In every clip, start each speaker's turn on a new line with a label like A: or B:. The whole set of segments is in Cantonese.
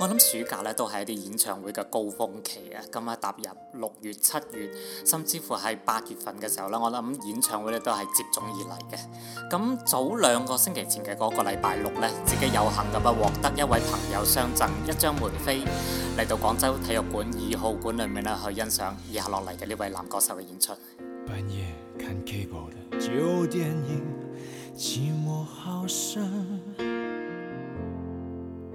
A: 我諗暑假咧都係一啲演唱會嘅高峰期啊！咁啊踏入六月，七月，甚至乎係八月份嘅時候咧，我諗演唱會咧都係接踵而嚟嘅。咁早兩個星期前嘅嗰個禮拜六咧，自己有幸咁樣獲得一位朋友相贈一張門飛嚟到廣州體育館二號館裏面咧去欣賞以下落嚟嘅呢位男歌手嘅演出。半夜看 cable
B: 舊電影，寂寞好深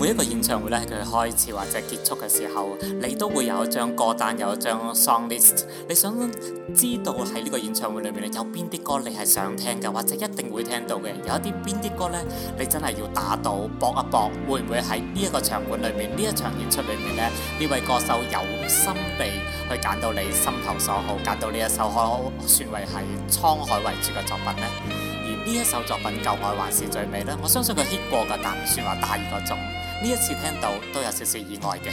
A: 每一個演唱會咧，佢開始或者結束嘅時候，你都會有一張歌單，有一張 song list。你想知道喺呢個演唱會裏面咧，有邊啲歌你係想聽嘅，或者一定會聽到嘅？有一啲邊啲歌呢？你真係要打到搏一搏，會唔會喺呢一個場館裏面，呢一場演出裏面呢？呢位歌手有心地去揀到你心頭所好，揀到呢一首可算為係滄海遺珠嘅作品呢？呢一首作品最愛還是最美呢？我相信佢 hit 過嘅，但唔算話大熱
B: 個種。呢一次聽到都有少少意外嘅。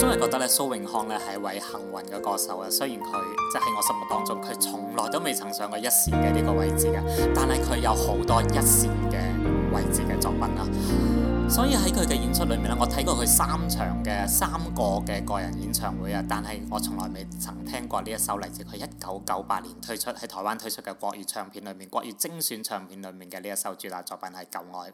A: 我真係覺得咧，蘇永康咧係一位幸運嘅歌手啊！雖然佢即喺我心目當中，佢從來都未曾上過一線嘅呢個位置嘅，但係佢有好多一線嘅位置嘅作品啊。所以喺佢嘅演出裏面咧，我睇過佢三場嘅三個嘅個人演唱會啊，但係我從來未曾聽過呢一首嚟自佢一九九八年推出喺台灣推出嘅國語唱片裏面、國語精選唱片裏面嘅呢一首主打作品係《舊愛》。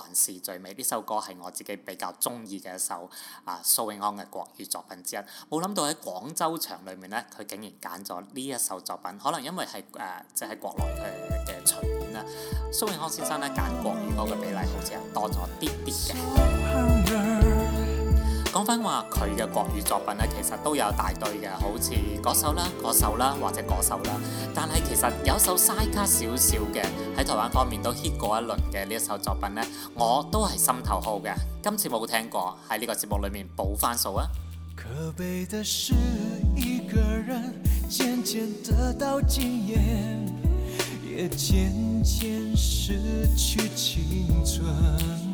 A: 還是最美呢首歌係我自己比較中意嘅一首啊，蘇永康嘅國語作品之一。冇諗到喺廣州場裏面呢，佢竟然揀咗呢一首作品，可能因為係誒即係國內誒嘅巡演啦。蘇永康先生咧揀國語歌嘅比例好似係多咗啲啲嘅。講翻話佢嘅國語作品咧，其實都有大堆嘅，好似嗰首啦、嗰首啦或者嗰首啦。但係其實有一首嘥家少少嘅喺台灣方面都 hit 過一輪嘅呢一首作品咧，我都係心頭好嘅。今次冇聽過喺呢個節目裡面補翻數啊！
B: 可悲的是，一個人漸漸得到經驗，也漸漸失去青春。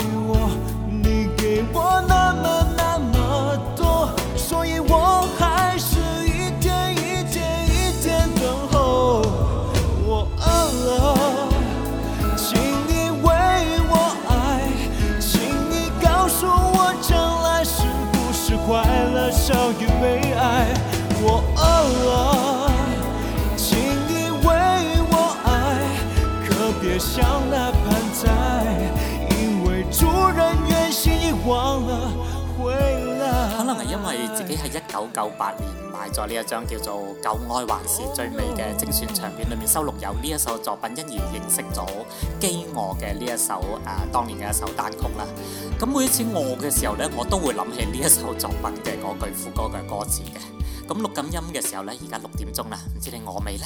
A: 可能係因為自己係一九九八年買咗呢一張叫做《最愛還是最美的正》嘅精選唱片裏面收錄有呢一首作品，因而認識咗《飢餓》嘅呢一首誒、啊、當年嘅一首單曲啦。咁每一次餓嘅時候呢，我都會諗起呢一首作品嘅嗰句副歌嘅歌詞嘅。咁錄緊音嘅時候呢，而家六點鐘啦，唔知你餓未呢？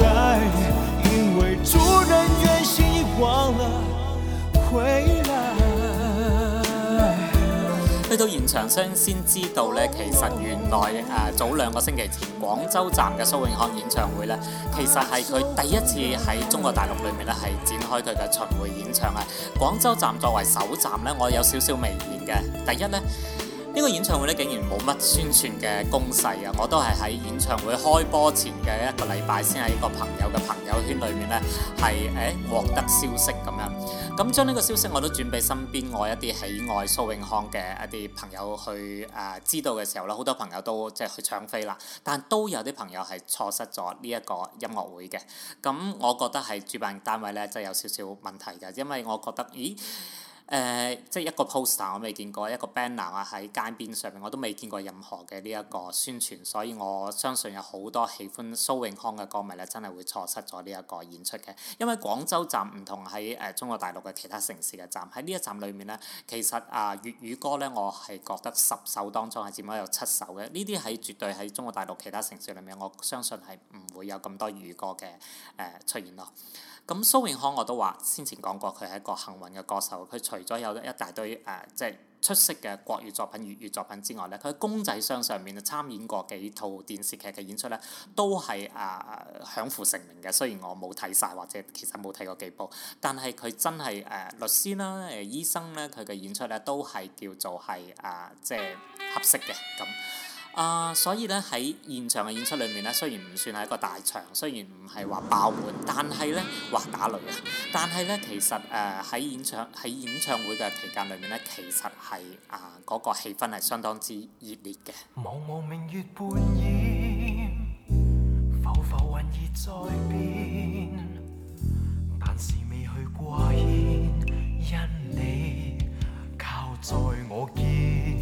B: 因為主人願望回來
A: 去到現場先先知道咧，其實原來誒、呃、早兩個星期前廣州站嘅蘇永康演唱會咧，其實係佢第一次喺中國大陸裏面咧係展開佢嘅巡回演唱啊。廣州站作為首站咧，我有少少微言嘅，第一咧。呢、這個演唱會咧竟然冇乜宣傳嘅攻勢啊！我都係喺演唱會開波前嘅一個禮拜先喺個朋友嘅朋友圈裏面呢，係誒獲得消息咁樣，咁將呢個消息我都轉俾身邊我一啲喜愛蘇永康嘅一啲朋友去誒、呃、知道嘅時候咧，好多朋友都即係、就是、去搶飛啦，但都有啲朋友係錯失咗呢一個音樂會嘅。咁我覺得係主辦單位呢，真、就、係、是、有少少問題嘅，因為我覺得咦。誒、呃，即係一個 poster，我未見過；一個 banner 啊，喺街邊上面，我都未見過任何嘅呢一個宣傳，所以我相信有好多喜歡蘇永康嘅歌迷咧，真係會錯失咗呢一個演出嘅。因為廣州站唔同喺誒、呃、中國大陸嘅其他城市嘅站，喺呢一站裏面呢，其實啊粵語歌呢，我係覺得十首當中係只可以有七首嘅。呢啲喺絕對喺中國大陸其他城市裏面，我相信係唔會有咁多粵語歌嘅誒、呃、出現咯。咁蘇永康我都話先前講過，佢係一個幸運嘅歌手，佢除除咗有一大堆誒，即、呃、係、就是、出色嘅國語作品、粵語作品之外咧，佢喺公仔箱上面啊參演過幾套電視劇嘅演出咧，都係啊、呃、享負盛名嘅。雖然我冇睇晒，或者其實冇睇過幾部，但係佢真係誒、呃、律師啦、誒、呃、醫生咧，佢嘅演出咧都係叫做係啊，即、呃、係、就是、合適嘅咁。啊、uh,，所以咧喺現場嘅演出裏面呢，雖然唔算係一個大場，雖然唔係話爆滿，但係呢，話打雷啊！但係呢，其實誒喺、uh, 演唱喺演唱會嘅期間裏面呢，其實係啊嗰個氣氛係相當之熱烈嘅。茫茫明
B: 月半掩，浮浮雲兒在變，但是未去掛牽，因你靠在
C: 我肩。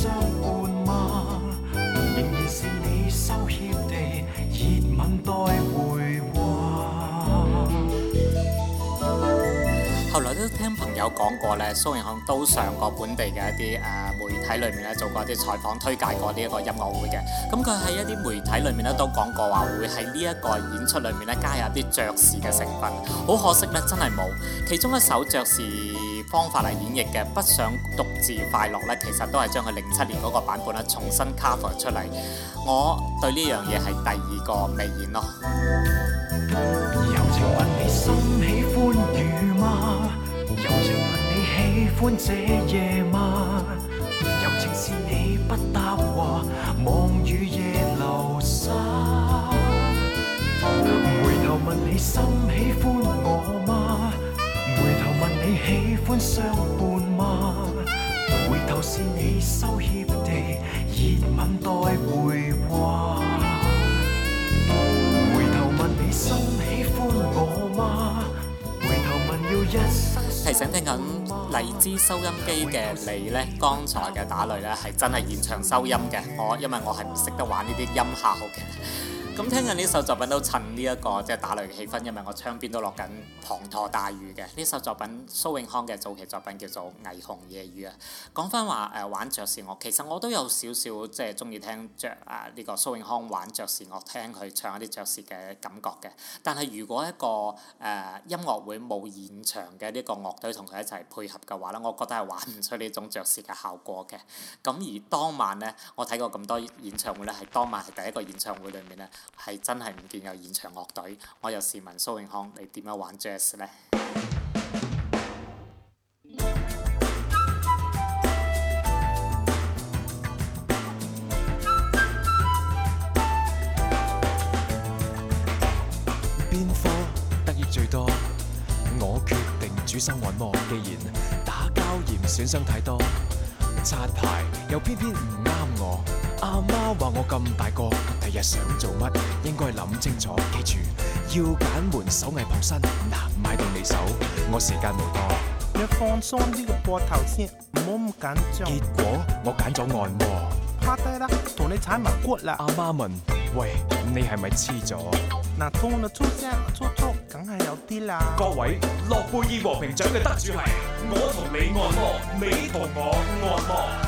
B: 相伴嗎？仍然是你羞怯地熱吻待回
A: 話。後來都聽朋友講過咧，蘇永康都上過本地嘅一啲誒、呃、媒體裏面咧做過一啲採訪，推介過呢一個音樂會嘅。咁佢喺一啲媒體裏面咧都講過話，會喺呢一個演出裏面咧加入啲爵士嘅成分。好可惜咧，真係冇。其中一首爵士。方法嚟演繹嘅，不想獨自快樂呢，其實都係將佢零七年嗰個版本咧重新 cover 出嚟。我對呢樣嘢係第二個未演咯。友
B: 情問你心喜歡雨嗎？友情問你喜歡這夜嗎？友情是你不答話，望雨夜流沙。回頭問你心喜歡我嗎？提醒
A: 聽緊荔枝收音機嘅你呢，剛才嘅打雷呢，係真係現場收音嘅，我因為我係唔識得玩呢啲音效嘅。咁聽緊呢首作品都趁呢、這、一個即係、就是、打雷嘅氣氛，因為我窗邊都落緊滂沱大雨嘅。呢首作品蘇永康嘅早期作品叫做《霓虹夜雨》啊。講翻話誒玩爵士樂，其實我都有少少即係中意聽著啊呢、呃這個蘇永康玩爵士樂，聽佢唱一啲爵士嘅感覺嘅。但係如果一個誒、呃、音樂會冇現場嘅呢個樂隊同佢一齊配合嘅話呢，我覺得係玩唔出呢種爵士嘅效果嘅。咁而當晚呢，我睇過咁多演唱會呢，係當晚係第一個演唱會裏面呢。係真係唔見有現場樂隊，我又試問蘇永康：你點樣玩 jazz 咧？
C: 邊科得益最多？我決定主修按摩。既然打交嫌損傷太多，刷牌又偏偏唔啱我。阿媽話我咁大個，第日想做乜應該諗清楚，記住要揀門手藝傍身。嗱，買到你手，我時間無多，你放鬆啲個膊頭先，唔好咁緊張。結果我揀咗按摩，趴低啦，同你踩埋骨啦。阿媽問：喂，你係咪黐咗？嗱，
A: 痛就粗聲粗粗，梗係有啲
C: 啦。各位諾貝爾和平獎嘅得主係我同你按摩，你同我按摩。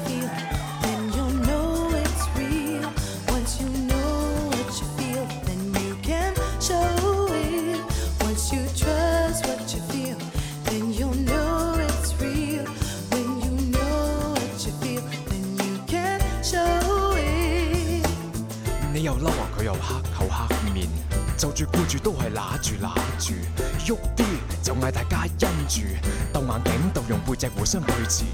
C: 就住顧住都係攔住攔住，喐啲就嗌大家因住，到眼頂度用背脊互相對峙，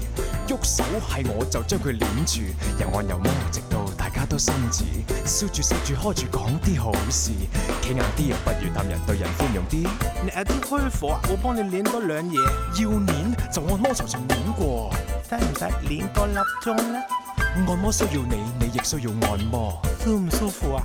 C: 喐手係我就將佢攆住，又按又摸，直到大家都心止，笑住食住開住講啲好事，企硬啲又不如氹人對人寬容啲。你有啲虛火，我幫你攆多，多兩嘢，要攆就按摩床上攆過，使唔使攆多粒鐘咧？按摩需要你，你亦需要按摩，舒唔舒服啊？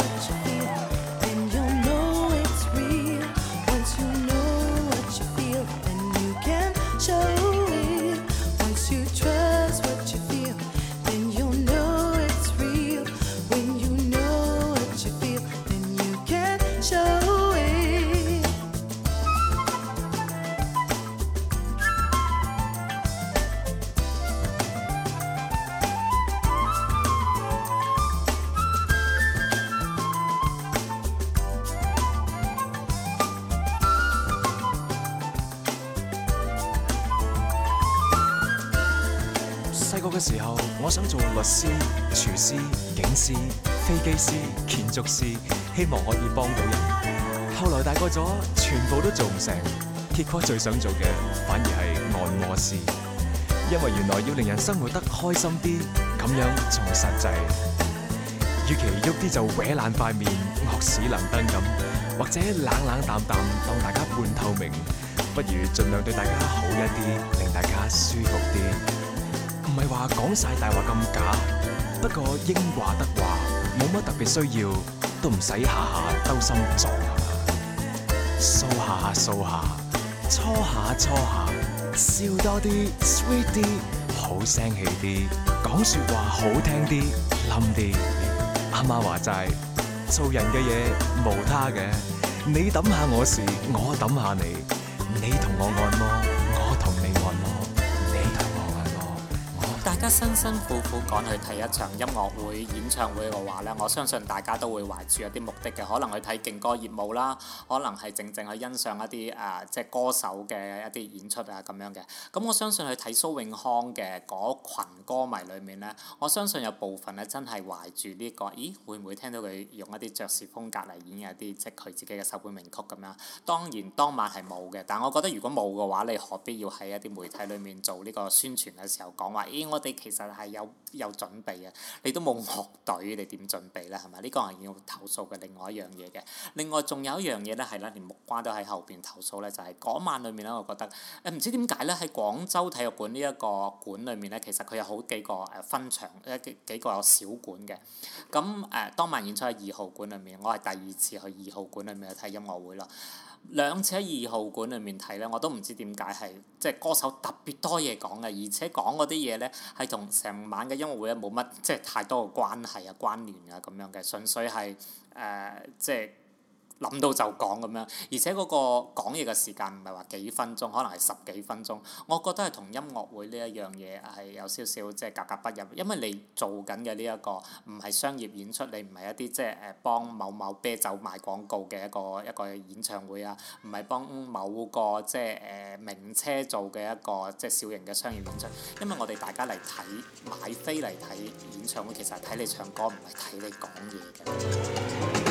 C: 師、警司、飛機師、建築師，希望可以幫到人。後來大個咗，全部都做唔成。結果最想做嘅反而係按摩師，因為原來要令人生活得開心啲，咁樣仲實際。與其喐啲就歪爛塊面，惡屎能登咁，或者冷冷淡淡當大家半透明，不如盡量對大家好一啲，令大家舒服啲。唔係話講晒大話咁假。不過英話得話，冇乜特別需要，都唔使下下兜心臟啊！掃下掃下，搓下搓下，
B: 笑多啲，sweet 啲，
C: 好聲氣啲，講說話好聽啲，冧啲。阿媽話齋，做人嘅嘢無他嘅，你抌下我時，我抌下你，你同我按摩。
A: 而家辛辛苦苦趕去睇一場音樂會演唱會嘅話咧，我相信大家都會懷住一啲目的嘅，可能去睇勁歌熱舞啦，可能係正正去欣賞一啲誒、呃、即係歌手嘅一啲演出啊咁樣嘅。咁我相信去睇蘇永康嘅群歌迷裏面咧，我相信有部分咧真係懷住呢個咦會唔會聽到佢用一啲爵士風格嚟演繹一啲即係佢自己嘅首本名曲咁樣，當然當晚係冇嘅，但係我覺得如果冇嘅話，你何必要喺一啲媒體裏面做呢個宣傳嘅時候講話咦我哋。其實係有有準備嘅，你都冇樂隊，你點準備呢？係咪呢個係要投訴嘅另外一樣嘢嘅。另外仲有一樣嘢呢，係喇，連木瓜都喺後邊投訴呢。就係、是、嗰晚裏面呢，我覺得誒唔、呃、知點解呢，喺廣州體育館呢一個館裏面呢，其實佢有好幾個誒分場，一幾幾個有小館嘅。咁誒、呃、當晚演出喺二號館裏面，我係第二次去二號館裏面去睇音樂會咯。兩次喺二號館裏面睇咧，我都唔知點解係即係歌手特別多嘢講嘅，而且講嗰啲嘢咧係同成晚嘅音樂會咧冇乜即係太多嘅關係啊、關聯啊咁樣嘅，純粹係誒、呃，即係。諗到就講咁樣，而且嗰個講嘢嘅時間唔係話幾分鐘，可能係十幾分鐘。我覺得係同音樂會呢一樣嘢係有少少即係格格不入，因為你做緊嘅呢一個唔係商業演出，你唔係一啲即係誒幫某某啤酒賣廣告嘅一個一個演唱會啊，唔係幫某個即係誒名車做嘅一個即係小型嘅商業演出。因為我哋大家嚟睇買飛嚟睇演唱會，其實係睇你唱歌，唔係睇你講嘢嘅。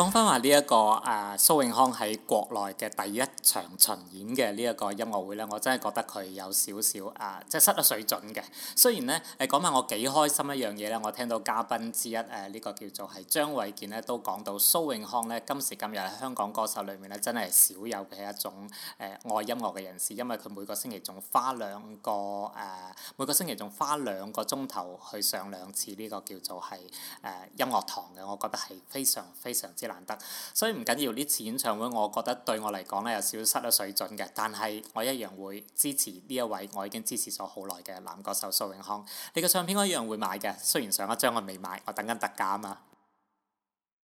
A: 講翻話呢一個誒蘇、呃、永康喺國內嘅第一場巡演嘅呢一個音樂會呢，我真係覺得佢有少少誒、呃，即係失咗水準嘅。雖然呢誒講埋我幾開心一樣嘢呢，我聽到嘉賓之一誒呢、呃，這個叫做係張偉健呢都講到蘇永康呢今時今日喺香港歌手裏面呢，真係少有嘅一種誒、呃、愛音樂嘅人士，因為佢每個星期仲花兩個誒、呃、每個星期仲花兩個鐘頭去上兩次呢個叫做係誒、呃、音樂堂嘅，我覺得係非常非常之。難得，所以唔緊要呢次演唱會，我覺得對我嚟講咧有少少失咗水準嘅，但係我一樣會支持呢一位，我已經支持咗好耐嘅男歌手蘇永康。你嘅唱片我一樣會買嘅，雖然上一張我未買，我等緊特價啊嘛。